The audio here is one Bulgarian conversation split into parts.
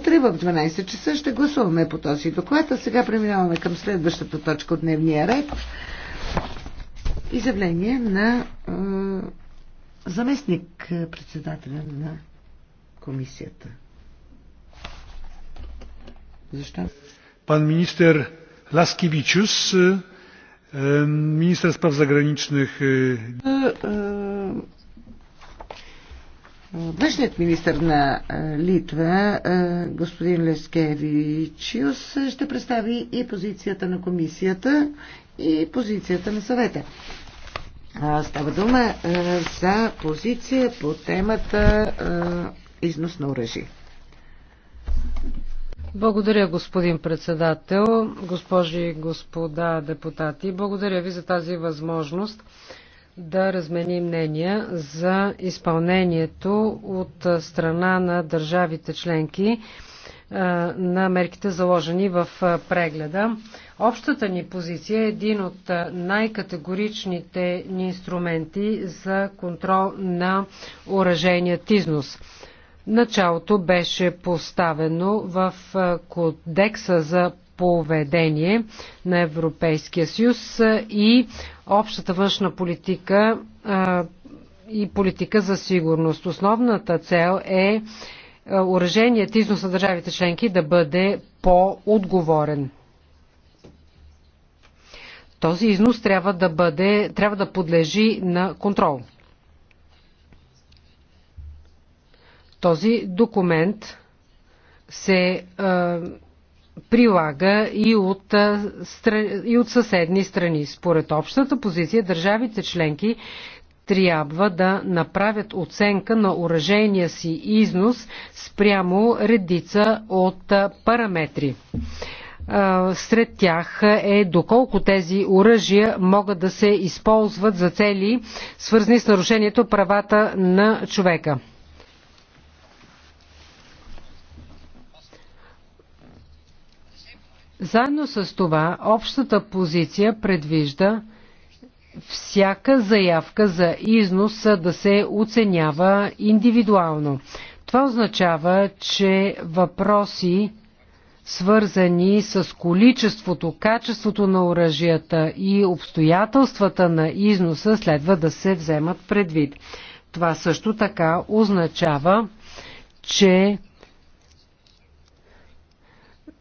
Утре в 12 часа ще гласуваме по този доклад, а сега преминаваме към следващата точка от дневния ред. Изявление на е, заместник е, председателя на комисията. Защо? Пан министър Ласкевичус, министър спав заграничних. Е, е, Външният министр на Литва, господин Лескевичиус, ще представи и позицията на комисията, и позицията на съвета. Става дума за позиция по темата износ на оръжие. Благодаря, господин председател, госпожи и господа депутати. Благодаря ви за тази възможност да размени мнения за изпълнението от страна на държавите членки на мерките заложени в прегледа. Общата ни позиция е един от най-категоричните ни инструменти за контрол на оръжейният износ. Началото беше поставено в кодекса за поведение на Европейския съюз и общата външна политика и политика за сигурност. Основната цел е оръженията износ на държавите членки да бъде по-отговорен. Този износ трябва да, бъде, трябва да подлежи на контрол. Този документ се прилага и от, и от съседни страни. Според общата позиция, държавите членки трябва да направят оценка на уражения си износ спрямо редица от параметри. Сред тях е доколко тези оръжия могат да се използват за цели, свързани с нарушението правата на човека. Заедно с това, общата позиция предвижда всяка заявка за износ да се оценява индивидуално. Това означава, че въпроси, свързани с количеството, качеството на оръжията и обстоятелствата на износа следва да се вземат предвид. Това също така означава, че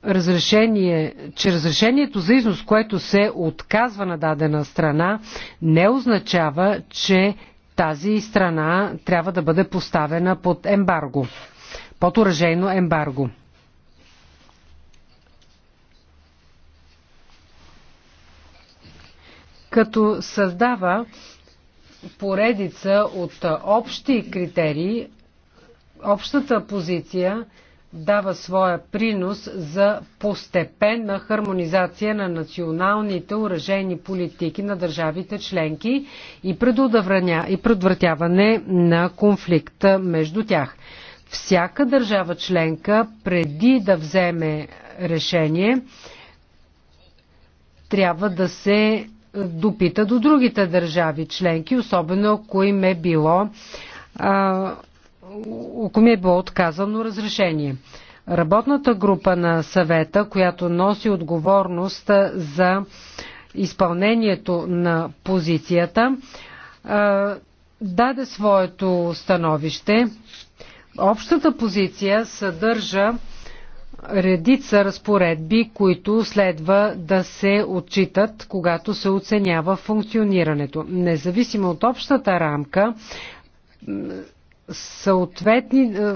разрешение, че разрешението за износ, което се отказва на дадена страна, не означава, че тази страна трябва да бъде поставена под ембарго, под уражейно ембарго. Като създава поредица от общи критерии, общата позиция дава своя принос за постепенна хармонизация на националните уражени политики на държавите членки и, и предотвратяване на конфликта между тях. Всяка държава членка, преди да вземе решение, трябва да се допита до другите държави членки, особено ако им е било а, ако ми е било отказано разрешение. Работната група на съвета, която носи отговорност за изпълнението на позицията, даде своето становище. Общата позиция съдържа редица разпоредби, които следва да се отчитат, когато се оценява функционирането. Независимо от общата рамка, съответни е,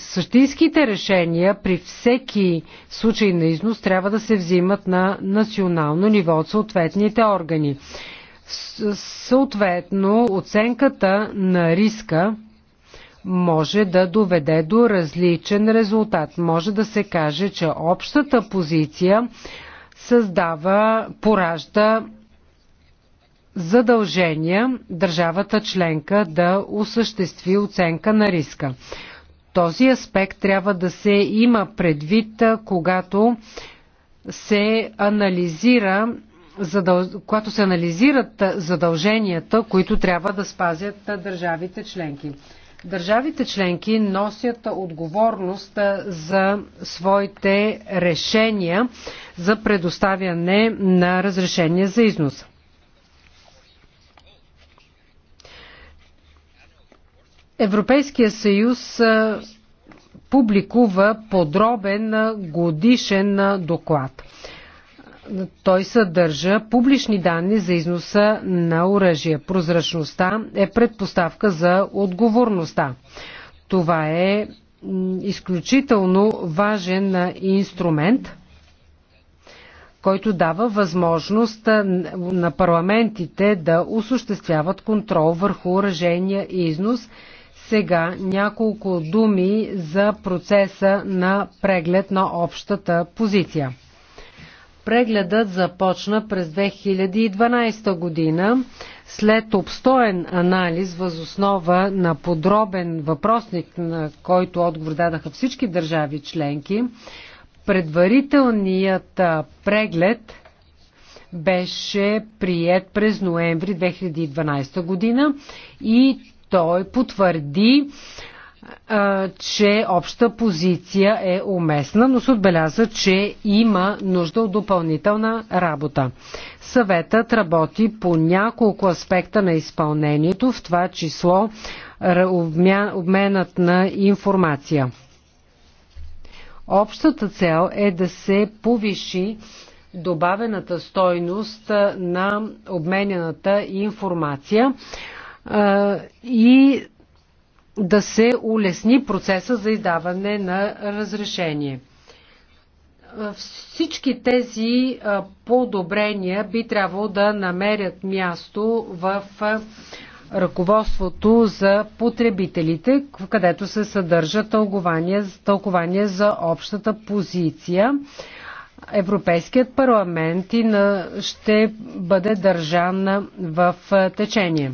същинските решения при всеки случай на износ трябва да се взимат на национално ниво от съответните органи. Съответно, оценката на риска може да доведе до различен резултат. Може да се каже, че общата позиция създава, поражда задължения държавата членка да осъществи оценка на риска. Този аспект трябва да се има предвид, когато се анализира задъл... когато се анализират задълженията, които трябва да спазят държавите членки. Държавите членки носят отговорност за своите решения за предоставяне на разрешение за износ. Европейския съюз публикува подробен годишен доклад. Той съдържа публични данни за износа на оръжие. Прозрачността е предпоставка за отговорността. Това е изключително важен инструмент, който дава възможност на парламентите да осъществяват контрол върху оръжения и износ сега няколко думи за процеса на преглед на общата позиция. Прегледът започна през 2012 година след обстоен анализ възоснова на подробен въпросник, на който отговор дадаха всички държави членки. Предварителният преглед беше прият през ноември 2012 година и той потвърди, че обща позиция е уместна, но се отбеляза, че има нужда от допълнителна работа. Съветът работи по няколко аспекта на изпълнението, в това число обменът на информация. Общата цел е да се повиши добавената стойност на обменената информация и да се улесни процеса за издаване на разрешение. Всички тези подобрения би трябвало да намерят място в ръководството за потребителите, където се съдържа тълкование, тълкование за общата позиция. Европейският парламент и на, ще бъде държан в течение.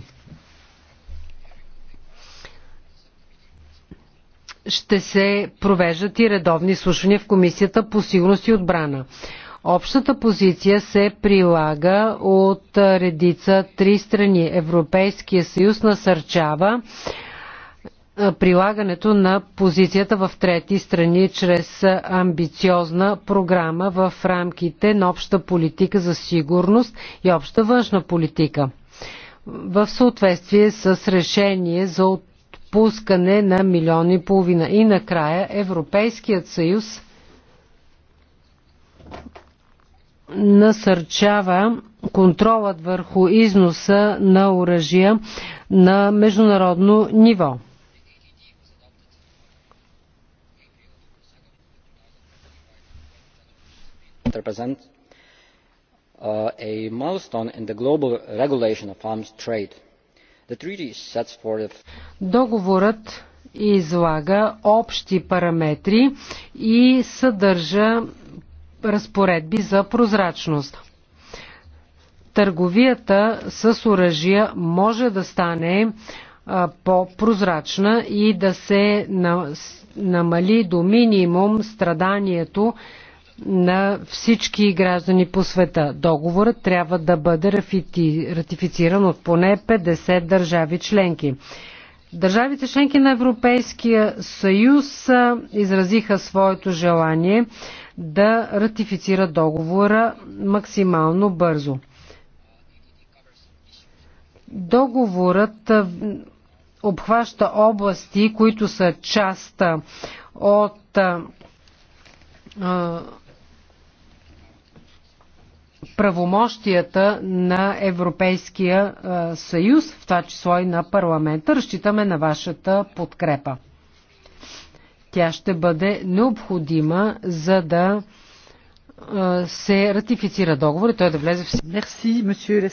ще се провеждат и редовни слушания в Комисията по сигурност и отбрана. Общата позиция се прилага от редица три страни. Европейския съюз насърчава прилагането на позицията в трети страни чрез амбициозна програма в рамките на обща политика за сигурност и обща външна политика в съответствие с решение за пускане на милиони и половина. И накрая Европейският съюз насърчава контролът върху износа на оръжия на международно ниво. uh, a milestone in the global regulation of arms trade Договорът излага общи параметри и съдържа разпоредби за прозрачност. Търговията с оръжия може да стане по-прозрачна и да се намали до минимум страданието на всички граждани по света. Договорът трябва да бъде ратифициран от поне 50 държави членки. Държавите членки на Европейския съюз изразиха своето желание да ратифицира договора максимално бързо. Договорът обхваща области, които са част от правомощията на Европейския е, съюз, в това число и на парламента. Разчитаме на вашата подкрепа. Тя ще бъде необходима, за да е, се ратифицира договор и той да влезе в сила.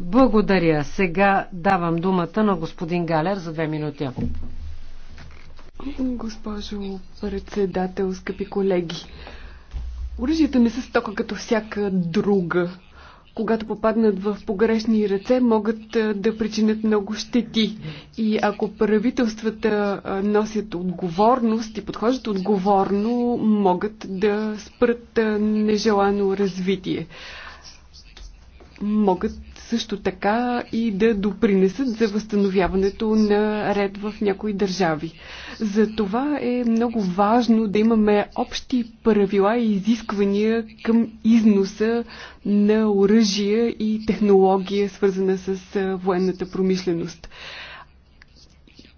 Благодаря. Сега давам думата на господин Галер за две минути. Госпожо председател, скъпи колеги, Оръжията не са стока като всяка друга. Когато попаднат в погрешни ръце, могат да причинят много щети. И ако правителствата носят отговорност и подхождат отговорно, могат да спрат нежелано развитие. Могат също така и да допринесат за възстановяването на ред в някои държави. За това е много важно да имаме общи правила и изисквания към износа на оръжие и технология, свързана с военната промишленост.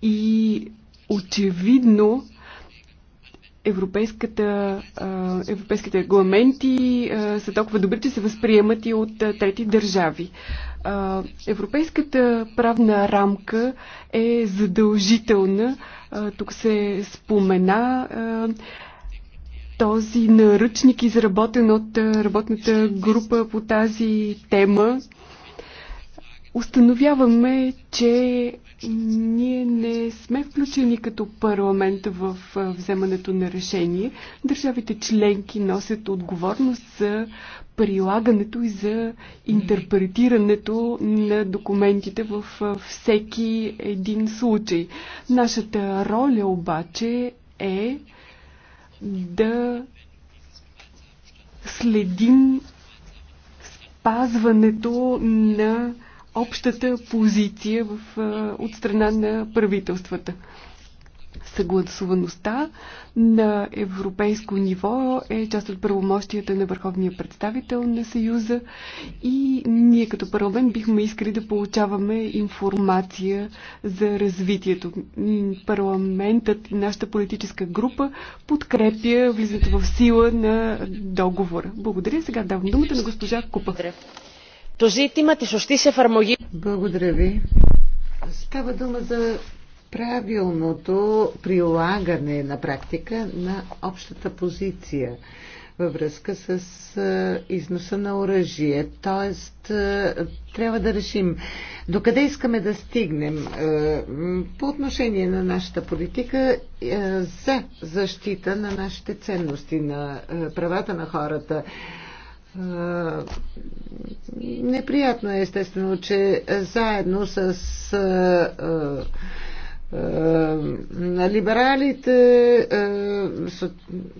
И очевидно европейската, европейските регламенти са толкова добри, че се възприемат и от трети държави. Европейската правна рамка е задължителна. Тук се спомена този наръчник, изработен от работната група по тази тема. Установяваме, че ние не сме включени като парламент в вземането на решение. Държавите членки носят отговорност за прилагането и за интерпретирането на документите в всеки един случай. Нашата роля обаче е да следим спазването на общата позиция в, от страна на правителствата. Съгласуваността на европейско ниво е част от правомощията на върховния представител на Съюза и ние като парламент бихме искали да получаваме информация за развитието. Парламентът и нашата политическа група подкрепя влизането в сила на договора. Благодаря. Сега давам думата на госпожа Купа το ζήτημα της σωστής εφαρμογής. Благодаря ви. Става дума за правилното прилагане на практика на общата позиция във връзка с износа на оръжие. Тоест, трябва да решим докъде искаме да стигнем по отношение на нашата политика за защита на нашите ценности, на правата на хората. Неприятно е естествено, че заедно с либералите,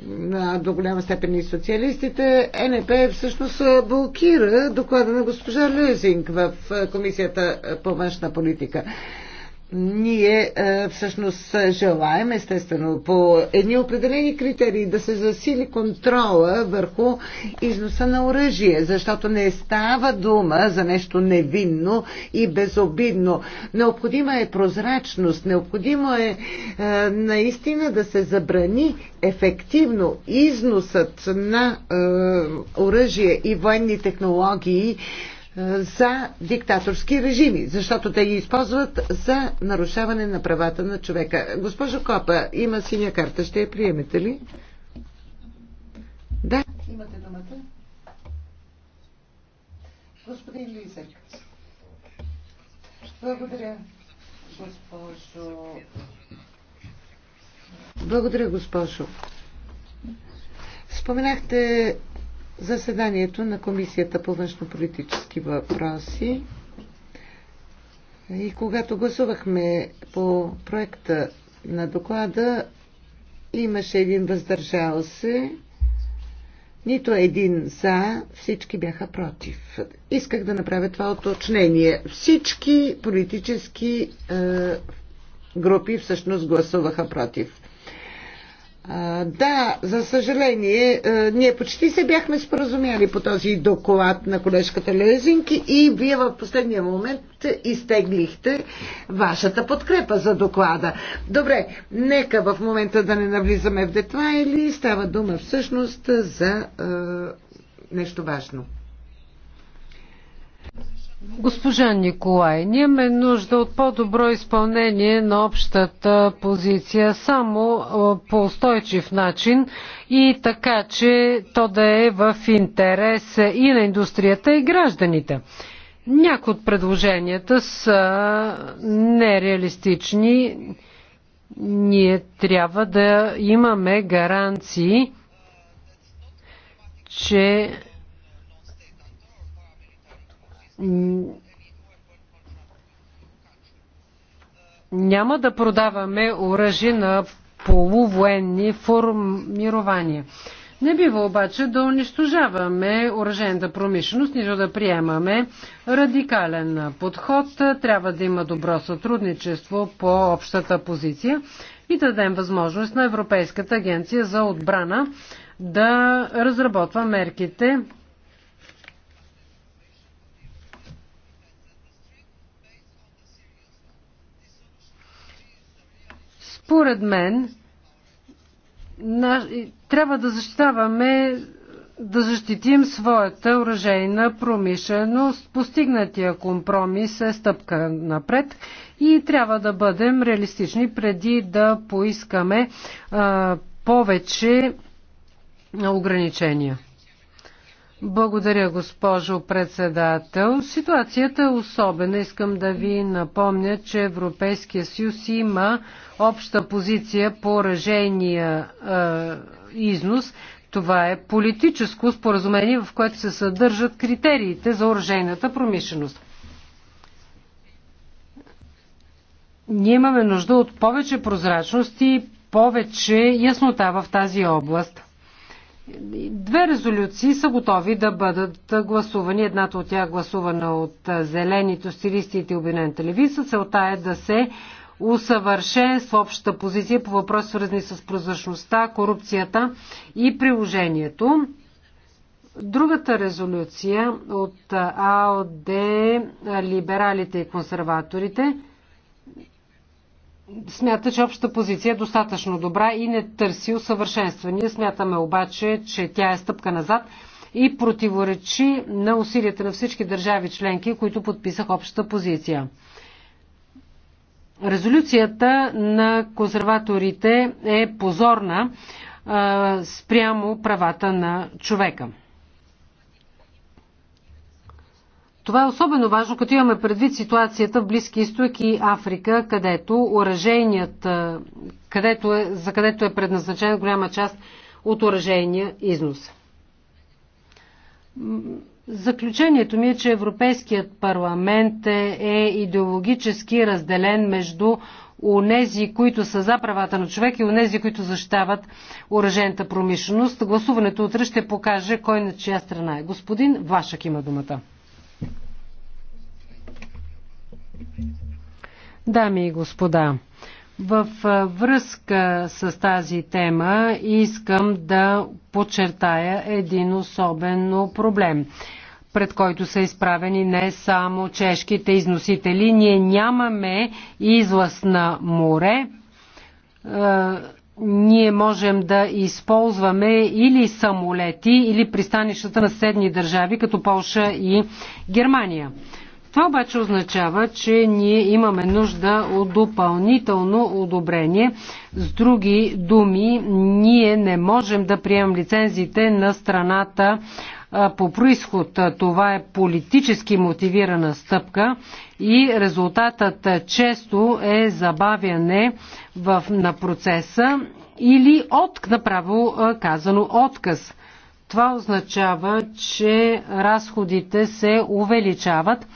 на до голяма степен и социалистите, НП всъщност блокира доклада на госпожа Лезинг в Комисията по външна политика. Ние е, всъщност желаем, естествено, по едни определени критерии да се засили контрола върху износа на оръжие, защото не става дума за нещо невинно и безобидно. Необходима е прозрачност, необходимо е, е наистина да се забрани ефективно износът на е, оръжие и военни технологии, за диктаторски режими, защото те ги използват за нарушаване на правата на човека. Госпожо Копа, има синя карта, ще я приемете ли? Да. Имате думата. Господин Лизък. Благодаря, госпожо. Благодаря, госпожо. Споменахте заседанието на Комисията по външно-политически въпроси. И когато гласувахме по проекта на доклада, имаше един въздържал се, нито един за, всички бяха против. Исках да направя това оточнение. Всички политически е, групи всъщност гласуваха против да, за съжаление, ние почти се бяхме споразумяли по този доклад на колежката Лезинки и вие в последния момент изтеглихте вашата подкрепа за доклада. Добре, нека в момента да не навлизаме в детайли. Става дума всъщност за е, нещо важно. Госпожа Николай, ние имаме нужда от по-добро изпълнение на общата позиция само по устойчив начин и така, че то да е в интерес и на индустрията и гражданите. Някои от предложенията са нереалистични. Ние трябва да имаме гаранции, че няма да продаваме оръжи на полувоенни формирования. Не бива обаче да унищожаваме оръжената промишленост, нито да приемаме радикален подход. Трябва да има добро сътрудничество по общата позиция и да дадем възможност на Европейската агенция за отбрана да разработва мерките Според мен, на... трябва да защитаваме да защитим своята оръжейна промишленост. Постигнатия компромис е стъпка напред и трябва да бъдем реалистични преди да поискаме а, повече ограничения. Благодаря, госпожо председател. Ситуацията е особена. Искам да ви напомня, че Европейския съюз има обща позиция по оръжейния е, износ. Това е политическо споразумение, в което се съдържат критериите за оръжейната промишленост. Ние имаме нужда от повече прозрачност и повече яснота в тази област. Две резолюции са готови да бъдат гласувани. Едната от тях е гласувана от зелените стилистите и обвинената левица. Целта е да се усъвършенства общата позиция по въпроси свързани с прозрачността, корупцията и приложението. Другата резолюция от АОД, либералите и консерваторите – смята, че общата позиция е достатъчно добра и не търси усъвършенствания. смятаме обаче, че тя е стъпка назад и противоречи на усилията на всички държави членки, които подписах общата позиция. Резолюцията на консерваторите е позорна а, спрямо правата на човека. Това е особено важно, като имаме предвид ситуацията в Близки изток и Африка, където оръжейният, където е, за където е предназначена голяма част от оръжейния износ. Заключението ми е, че Европейският парламент е, е идеологически разделен между онези, които са за правата на човек и онези, които защитават оръжената промишленост. Гласуването утре ще покаже кой на чия страна е. Господин Вашък има думата. Дами и господа, в връзка с тази тема искам да подчертая един особено проблем пред който са изправени не само чешките износители. Ние нямаме излаз на море. ние можем да използваме или самолети, или пристанищата на съседни държави, като Полша и Германия. Това обаче означава, че ние имаме нужда от допълнително одобрение. С други думи, ние не можем да приемем лицензите на страната по происход. Това е политически мотивирана стъпка и резултатът често е забавяне в, на процеса или от, направо казано отказ. Това означава, че разходите се увеличават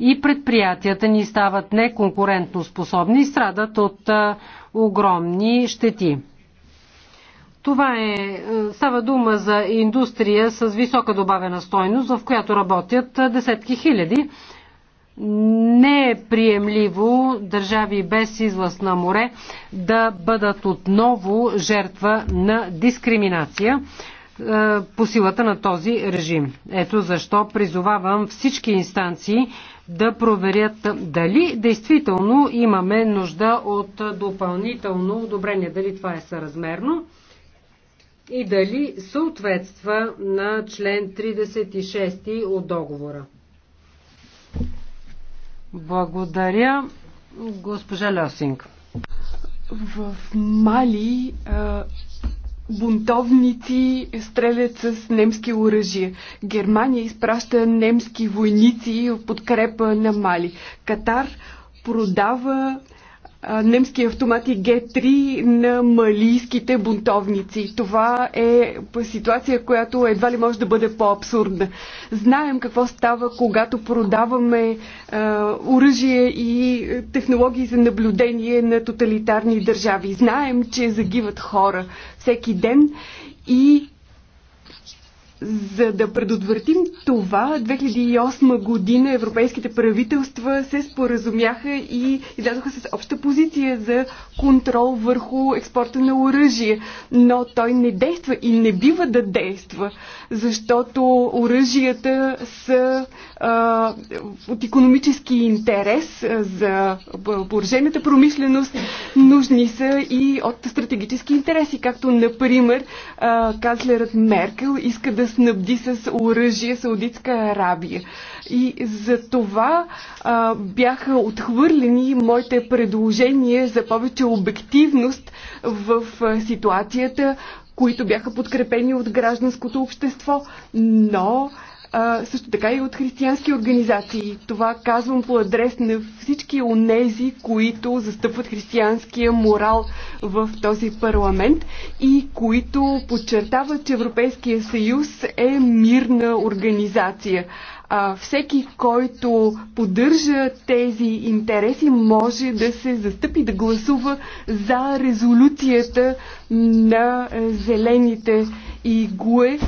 и предприятията ни стават неконкурентно способни и страдат от огромни щети. Това е, е, става дума за индустрия с висока добавена стойност, в която работят десетки хиляди. Не е приемливо държави без излъз на море да бъдат отново жертва на дискриминация е, по силата на този режим. Ето защо призовавам всички инстанции да проверят дали действително имаме нужда от допълнително одобрение, дали това е съразмерно и дали съответства на член 36 от договора. Благодаря, госпожа Лесинг. В Мали бунтовници стрелят с немски оръжие. Германия изпраща немски войници в подкрепа на Мали. Катар продава немски автомати Г3 на малийските бунтовници. Това е ситуация, която едва ли може да бъде по-абсурдна. Знаем какво става, когато продаваме оръжие и технологии за наблюдение на тоталитарни държави. Знаем, че загиват хора всеки ден и за да предотвратим това, 2008 година европейските правителства се споразумяха и излязоха с обща позиция за контрол върху експорта на оръжие. Но той не действа и не бива да действа, защото оръжията са а, от економически интерес за въоръжената промишленост, нужни са и от стратегически интереси, както, например, а, канцлерът Меркел иска да снабди с оръжие Саудитска Арабия. И за това а, бяха отхвърлени моите предложения за повече обективност в ситуацията, които бяха подкрепени от гражданското общество, но а, също така и от християнски организации. Това казвам по адрес на всички онези, които застъпват християнския морал в този парламент и които подчертават, че Европейския съюз е мирна организация. А, всеки, който поддържа тези интереси, може да се застъпи да гласува за резолюцията на е, зелените и ГУЕ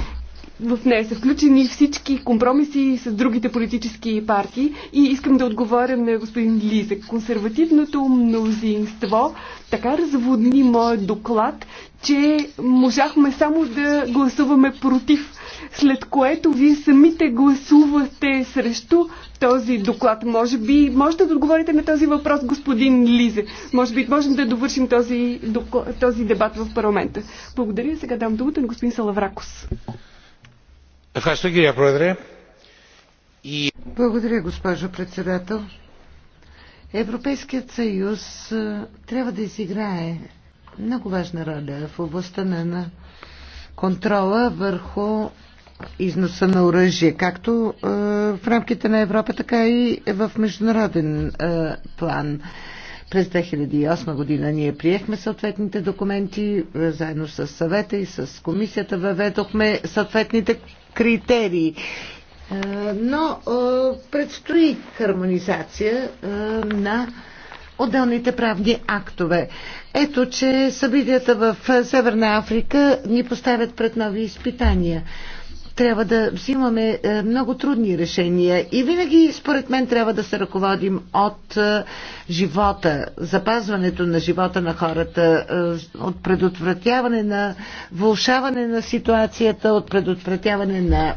в нея са включени всички компромиси с другите политически партии и искам да отговоря на господин Лиза. Консервативното мнозинство така разводни моят доклад, че можахме само да гласуваме против, след което вие самите гласувате срещу този доклад. Може би можете да отговорите на този въпрос, господин Лизе. Може би можем да довършим този, този дебат в парламента. Благодаря. Сега дам думата на господин Салавракос. Благодаря, госпожо председател. Европейският съюз трябва да изиграе много важна роля в областта на контрола върху износа на оръжие, както в рамките на Европа, така и в международен план. През 2008 година ние приехме съответните документи, е, заедно с съвета и с комисията въведохме съответните критерии. Е, но е, предстои хармонизация на отделните правни актове. Ето, че събитията в Северна Африка ни поставят пред нови изпитания трябва да взимаме е, много трудни решения и винаги, според мен, трябва да се ръководим от е, живота, запазването на живота на хората, е, от предотвратяване на вълшаване на ситуацията, от предотвратяване на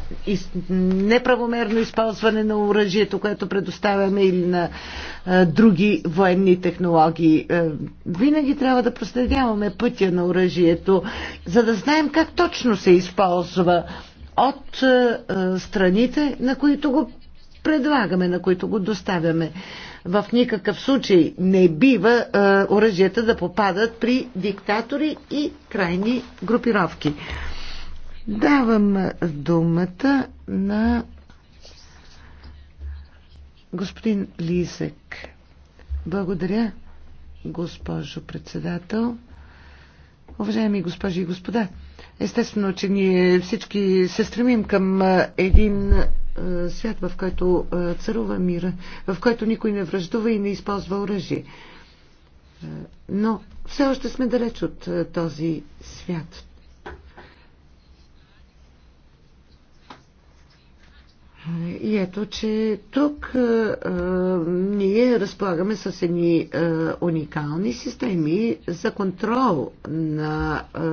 неправомерно използване на оръжието, което предоставяме или на други военни технологии. Винаги трябва да проследяваме пътя на оръжието, за да знаем как точно се използва от е, е, страните, на които го предлагаме, на които го доставяме. В никакъв случай не бива е, оръжията да попадат при диктатори и крайни групировки. Давам думата на господин Лисек. Благодаря, госпожо председател. Уважаеми госпожи и господа, Естествено, че ние всички се стремим към един свят, в който царува мира, в който никой не връждува и не използва оръжие. Но все още сме далеч от този свят. И ето, че тук а, ние разполагаме с едни а, уникални системи за контрол на а,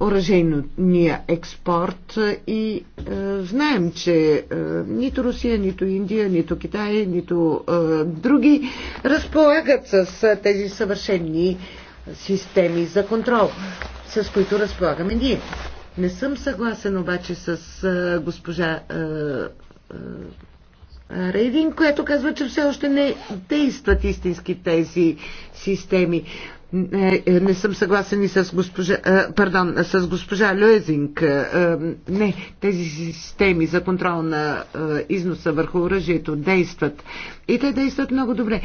оръжейния експорт и е, знаем, че е, нито Русия, нито Индия, нито Китай, нито е, други разполагат с е, тези съвършени системи за контрол, с които разполагаме ние. Не съм съгласен обаче с е, госпожа. Е, е, Рейдин, което казва, че все още не действат истински тези системи. Не, е, не съм съгласен и с госпожа, а, е, пардон, с госпожа А, е, Не, тези системи за контрол на а, износа върху оръжието действат. И те действат много добре,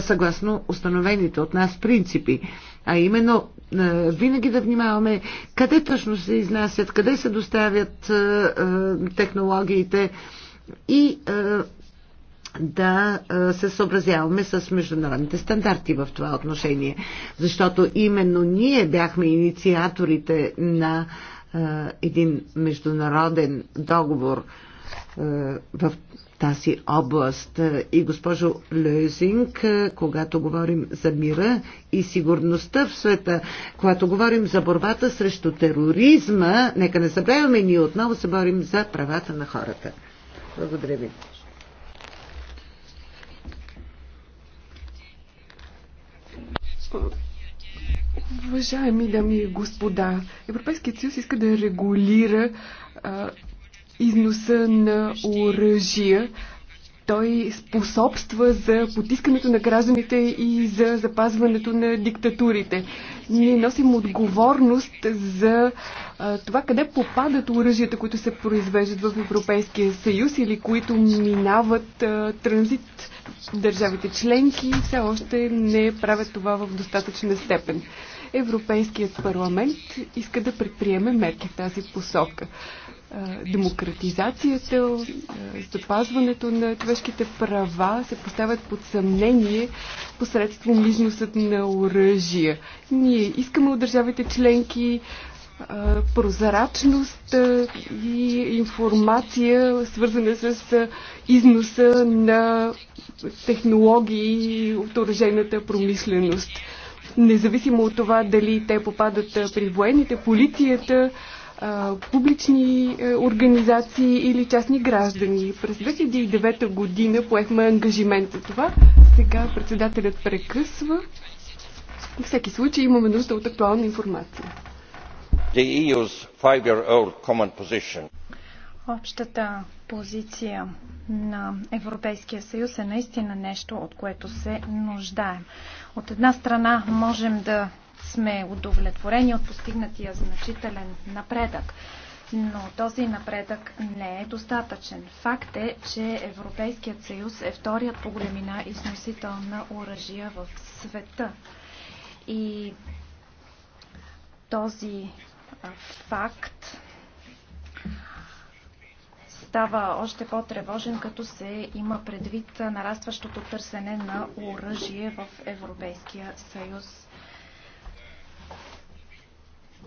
съгласно установените от нас принципи. А именно, а, винаги да внимаваме къде точно се изнасят, къде се доставят а, а, технологиите и а, да се съобразяваме с международните стандарти в това отношение. Защото именно ние бяхме инициаторите на един международен договор в тази област. И госпожо Лезинг, когато говорим за мира и сигурността в света, когато говорим за борбата срещу тероризма, нека не забравяме, ние отново се борим за правата на хората. Благодаря ви. Уважаеми дами и господа, Европейският съюз иска да регулира а, износа на оръжия той способства за потискането на гражданите и за запазването на диктатурите. Ние носим отговорност за а, това къде попадат оръжията, които се произвеждат в Европейския съюз или които минават а, транзит. Държавите членки все още не правят това в достатъчна степен. Европейският парламент иска да предприеме мерки в тази посока демократизацията, запазването на човешките права се поставят под съмнение посредством износът на оръжия. Ние искаме от държавите членки прозрачност и информация, свързана с износа на технологии от оръжейната промишленост. Независимо от това дали те попадат при военните, полицията, публични е, организации или частни граждани. През 2009 година поехме ангажимент за това. Сега председателят прекъсва. В всеки случай имаме нужда от актуална информация. E Общата позиция на Европейския съюз е наистина нещо, от което се нуждаем. От една страна можем да сме удовлетворени от постигнатия значителен напредък. Но този напредък не е достатъчен. Факт е, че Европейският съюз е вторият по големина износител на оръжия в света. И този факт става още по-тревожен, като се има предвид нарастващото търсене на оръжие в Европейския съюз.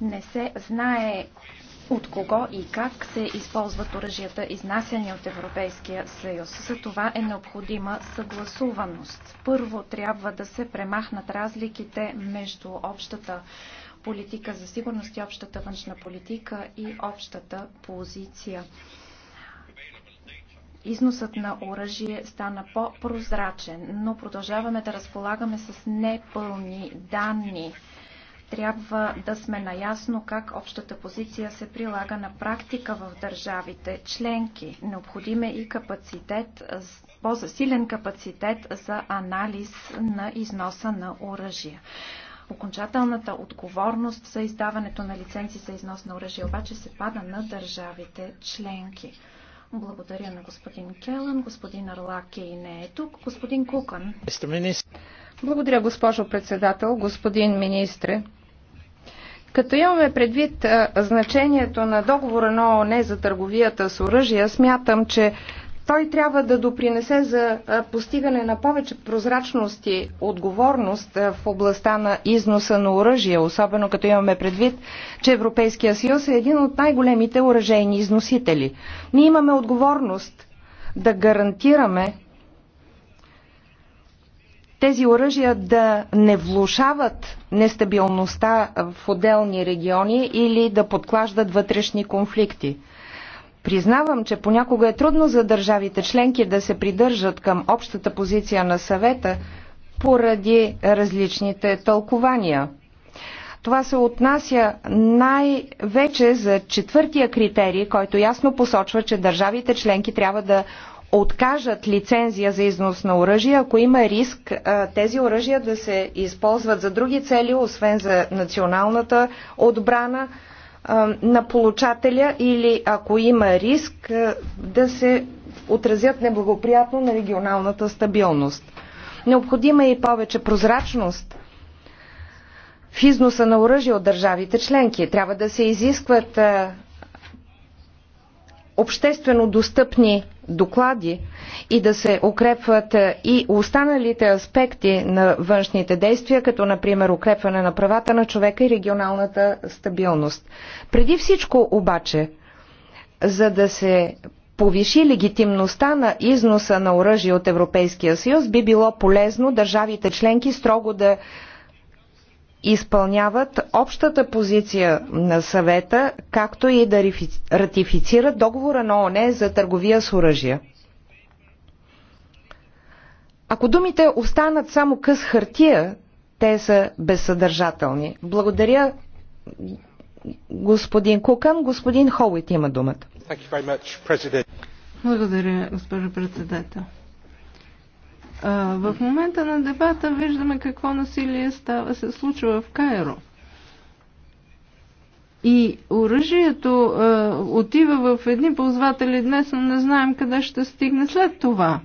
Не се знае от кого и как се използват оръжията, изнасяни от Европейския съюз. За това е необходима съгласуваност. Първо трябва да се премахнат разликите между общата политика за сигурност и общата външна политика и общата позиция. Износът на оръжие стана по-прозрачен, но продължаваме да разполагаме с непълни данни трябва да сме наясно как общата позиция се прилага на практика в държавите членки. Необходим е и капацитет, по-засилен капацитет за анализ на износа на оръжия. Окончателната отговорност за издаването на лицензи за износ на оръжие обаче се пада на държавите членки. Благодаря на господин Келън, господин Арлаки не е тук, господин Кукан. Благодаря, госпожо председател, господин министре. Като имаме предвид значението на договора на ООН за търговията с оръжия, смятам, че той трябва да допринесе за постигане на повече прозрачност и отговорност в областта на износа на оръжие, особено като имаме предвид, че Европейския съюз е един от най-големите оръжейни износители. Ние имаме отговорност да гарантираме тези оръжия да не влушават нестабилността в отделни региони или да подклаждат вътрешни конфликти. Признавам, че понякога е трудно за държавите членки да се придържат към общата позиция на съвета поради различните тълкования. Това се отнася най-вече за четвъртия критерий, който ясно посочва, че държавите членки трябва да откажат лицензия за износ на оръжие, ако има риск тези оръжия да се използват за други цели, освен за националната отбрана на получателя или ако има риск да се отразят неблагоприятно на регионалната стабилност. Необходима е и повече прозрачност в износа на оръжие от държавите членки. Трябва да се изискват обществено достъпни доклади и да се укрепват е, и останалите аспекти на външните действия, като например укрепване на правата на човека и регионалната стабилност. Преди всичко обаче, за да се повиши легитимността на износа на оръжие от Европейския съюз, би било полезно държавите членки строго да изпълняват общата позиция на съвета, както и да ратифицират договора на ОНЕ за търговия с оръжия. Ако думите останат само къс хартия, те са безсъдържателни. Благодаря господин Кукан. Господин Холит има думата. Благодаря, госпожо председател. В момента на дебата виждаме какво насилие става, се случва в Кайро. И оръжието а, отива в едни ползватели днес, но не знаем къде ще стигне след това.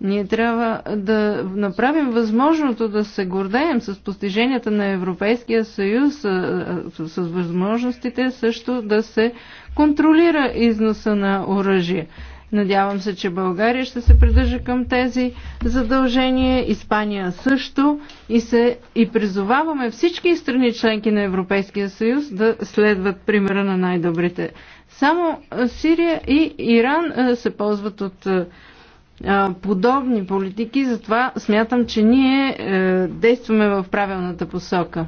Ние трябва да направим възможното да се гордеем с постиженията на Европейския съюз, а, с, с възможностите също да се контролира износа на оръжие. Надявам се, че България ще се придържа към тези задължения, Испания също и, се, и призоваваме всички страни членки на Европейския съюз да следват примера на най-добрите. Само Сирия и Иран се ползват от подобни политики, затова смятам, че ние е, действаме в правилната посока.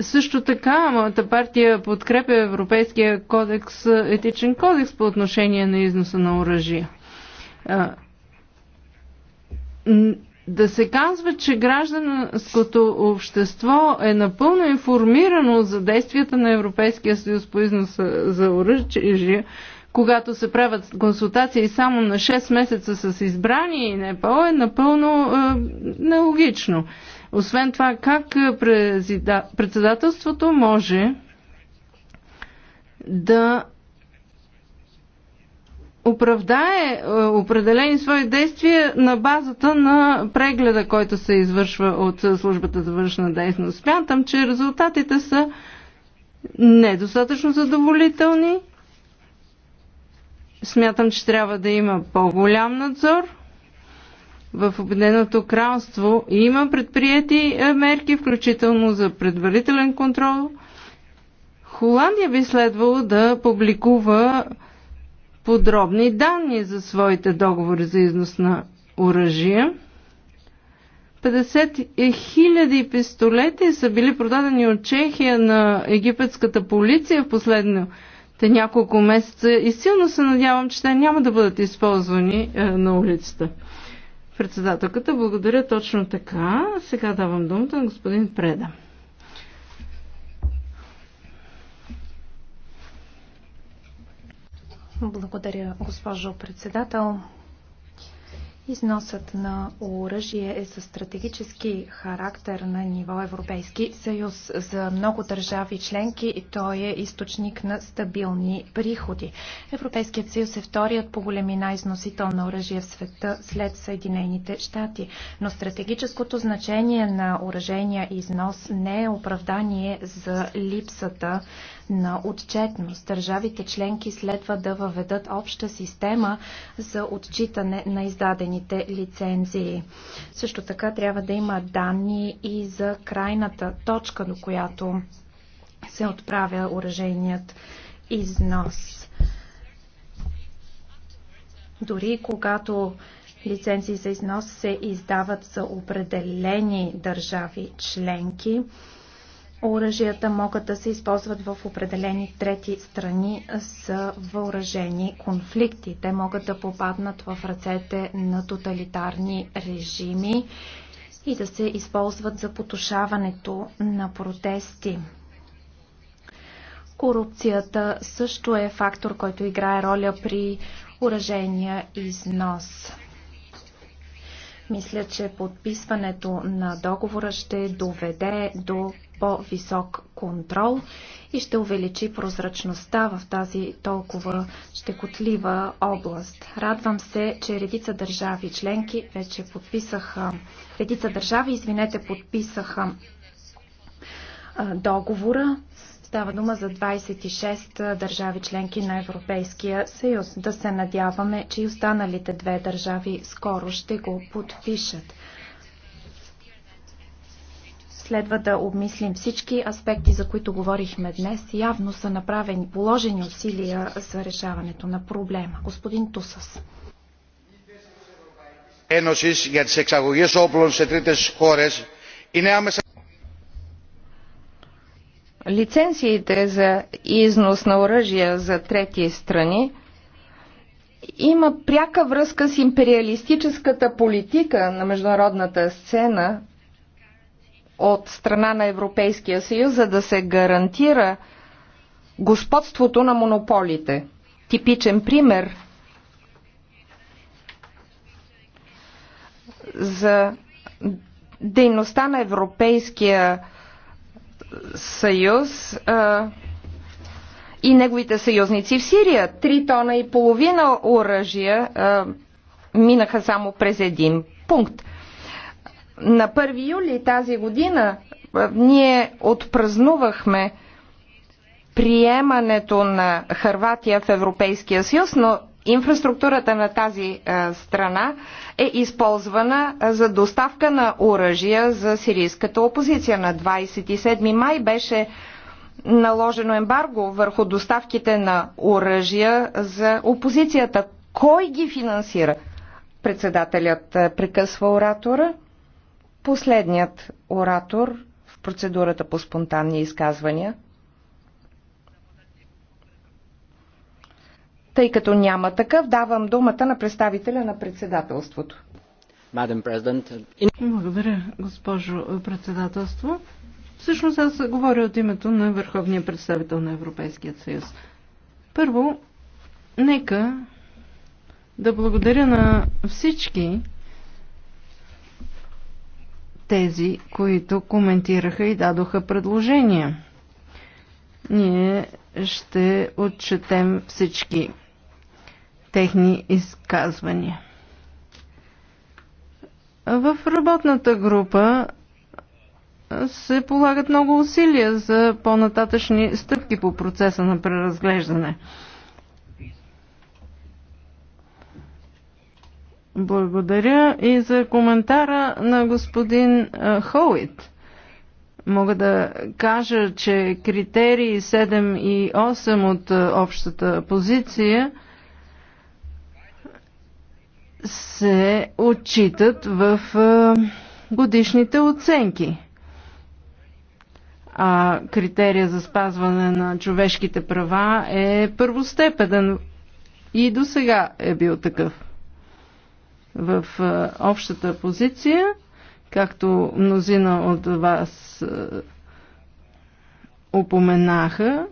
Също така, моята партия подкрепя Европейския кодекс, етичен кодекс по отношение на износа на оръжия. Да се казва, че гражданското общество е напълно информирано за действията на Европейския съюз по износа за оръжия, когато се правят консултации само на 6 месеца с избрани и НПО, е напълно е, нелогично. Е, освен това, как е, председателството може да оправдае е, определени свои действия на базата на прегледа, който се извършва от е, службата за външна дейност. Смятам, че резултатите са недостатъчно задоволителни. Смятам, че трябва да има по-голям надзор в Обединеното кралство и има предприяти е, мерки, включително за предварителен контрол. Холандия би следвало да публикува подробни данни за своите договори за износ на оръжие. 50 000 пистолети са били продадени от Чехия на египетската полиция в последно те няколко месеца и силно се надявам, че те няма да бъдат използвани е, на улицата. Председателката, благодаря точно така. Сега давам думата на господин Преда. Благодаря, госпожо председател. Износът на оръжие е със стратегически характер на ниво Европейски съюз. За много държави членки той е източник на стабилни приходи. Европейският съюз е вторият по големина износител на оръжие в света след Съединените щати. Но стратегическото значение на оръжения износ не е оправдание за липсата на отчетност. Държавите членки следва да въведат обща система за отчитане на издадени издадените лицензии. Също така трябва да има данни и за крайната точка, до която се отправя уражейният износ. Дори когато лицензии за износ се издават за определени държави членки, оръжията могат да се използват в определени трети страни за въоръжени конфликти. Те могат да попаднат в ръцете на тоталитарни режими и да се използват за потушаването на протести. Корупцията също е фактор, който играе роля при оръжения износ. Мисля, че подписването на договора ще доведе до по-висок контрол и ще увеличи прозрачността в тази толкова щекотлива област. Радвам се, че редица държави членки вече подписаха, редица държави, извинете, подписаха договора. Става дума за 26 държави членки на Европейския съюз. Да се надяваме, че и останалите две държави скоро ще го подпишат. Следва да обмислим всички аспекти, за които говорихме днес. Явно са направени, положени усилия за решаването на проблема. Господин Тусас. για όπλων σε είναι άμεσα лицензиите за износ на оръжия за трети страни има пряка връзка с империалистическата политика на международната сцена от страна на Европейския съюз, за да се гарантира господството на монополите. Типичен пример за дейността на Европейския съюз а, и неговите съюзници в Сирия. Три тона и половина оръжия а, минаха само през един пункт. На 1 юли тази година ние отпразнувахме приемането на Харватия в Европейския съюз, но инфраструктурата на тази страна е използвана за доставка на оръжия за сирийската опозиция. На 27 май беше наложено ембарго върху доставките на оръжия за опозицията. Кой ги финансира? Председателят прекъсва оратора. Последният оратор в процедурата по спонтанни изказвания. Тъй като няма такъв, давам думата на представителя на председателството. Благодаря, госпожо председателство. Всъщност аз говоря от името на Върховния представител на Европейския съюз. Първо, нека да благодаря на всички, тези, които коментираха и дадоха предложения. Ние ще отчетем всички техни изказвания. В работната група се полагат много усилия за по-нататъчни стъпки по процеса на преразглеждане. Благодаря и за коментара на господин Хоуит. Мога да кажа, че критерии 7 и 8 от общата позиция се отчитат в годишните оценки. А критерия за спазване на човешките права е първостепеден и до сега е бил такъв в е, общата позиция, както мнозина от вас е, упоменаха,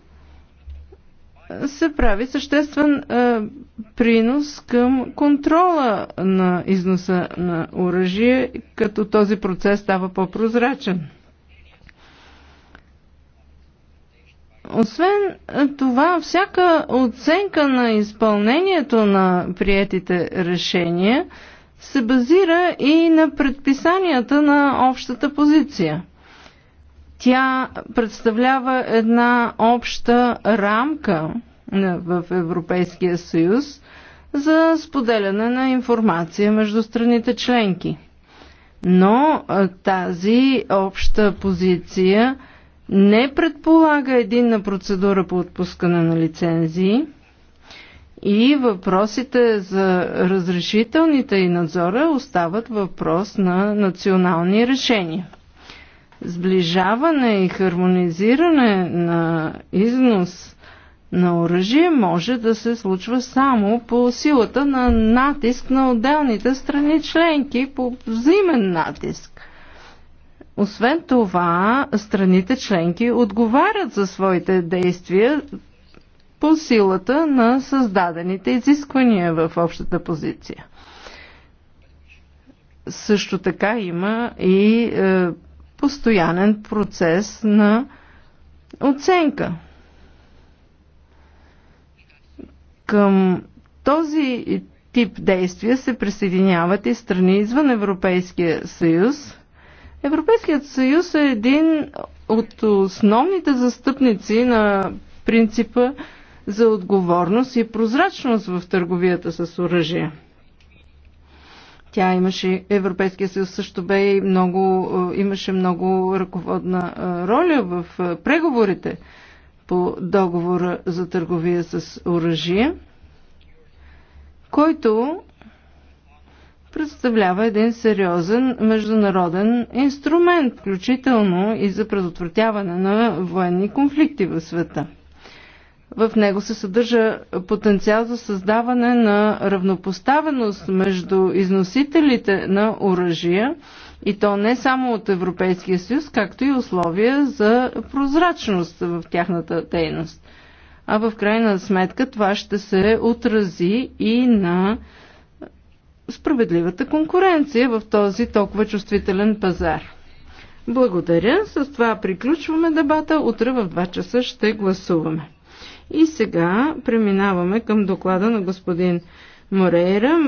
се прави съществен а, е, принос към контрола на износа на оръжие, като този процес става по-прозрачен. Освен това, всяка оценка на изпълнението на приетите решения се базира и на предписанията на общата позиция. Тя представлява една обща рамка в Европейския съюз за споделяне на информация между страните членки. Но тази обща позиция не предполага единна процедура по отпускане на лицензии, и въпросите за разрешителните и надзора остават въпрос на национални решения. Сближаване и хармонизиране на износ на оръжие може да се случва само по силата на натиск на отделните страни членки, по взаимен натиск. Освен това, страните членки отговарят за своите действия по силата на създадените изисквания в общата позиция. Също така има и е, постоянен процес на оценка. Към този тип действия се присъединяват и страни извън Европейския съюз. Европейският съюз е един от основните застъпници на принципа за отговорност и прозрачност в търговията с оръжие. Тя имаше, Европейския съюз също бе и много, е, имаше много ръководна е, роля в е, преговорите по договора за търговия с оръжие, който представлява един сериозен международен инструмент, включително и за предотвратяване на военни конфликти в света. В него се съдържа потенциал за създаване на равнопоставеност между износителите на оръжия и то не само от Европейския съюз, както и условия за прозрачност в тяхната дейност. А в крайна сметка това ще се отрази и на справедливата конкуренция в този толкова чувствителен пазар. Благодаря. С това приключваме дебата. Утре в 2 часа ще гласуваме. И сега преминаваме към доклада на господин Морейра,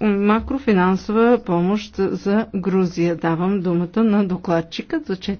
макрофинансова помощ за Грузия. Давам думата на докладчика за 4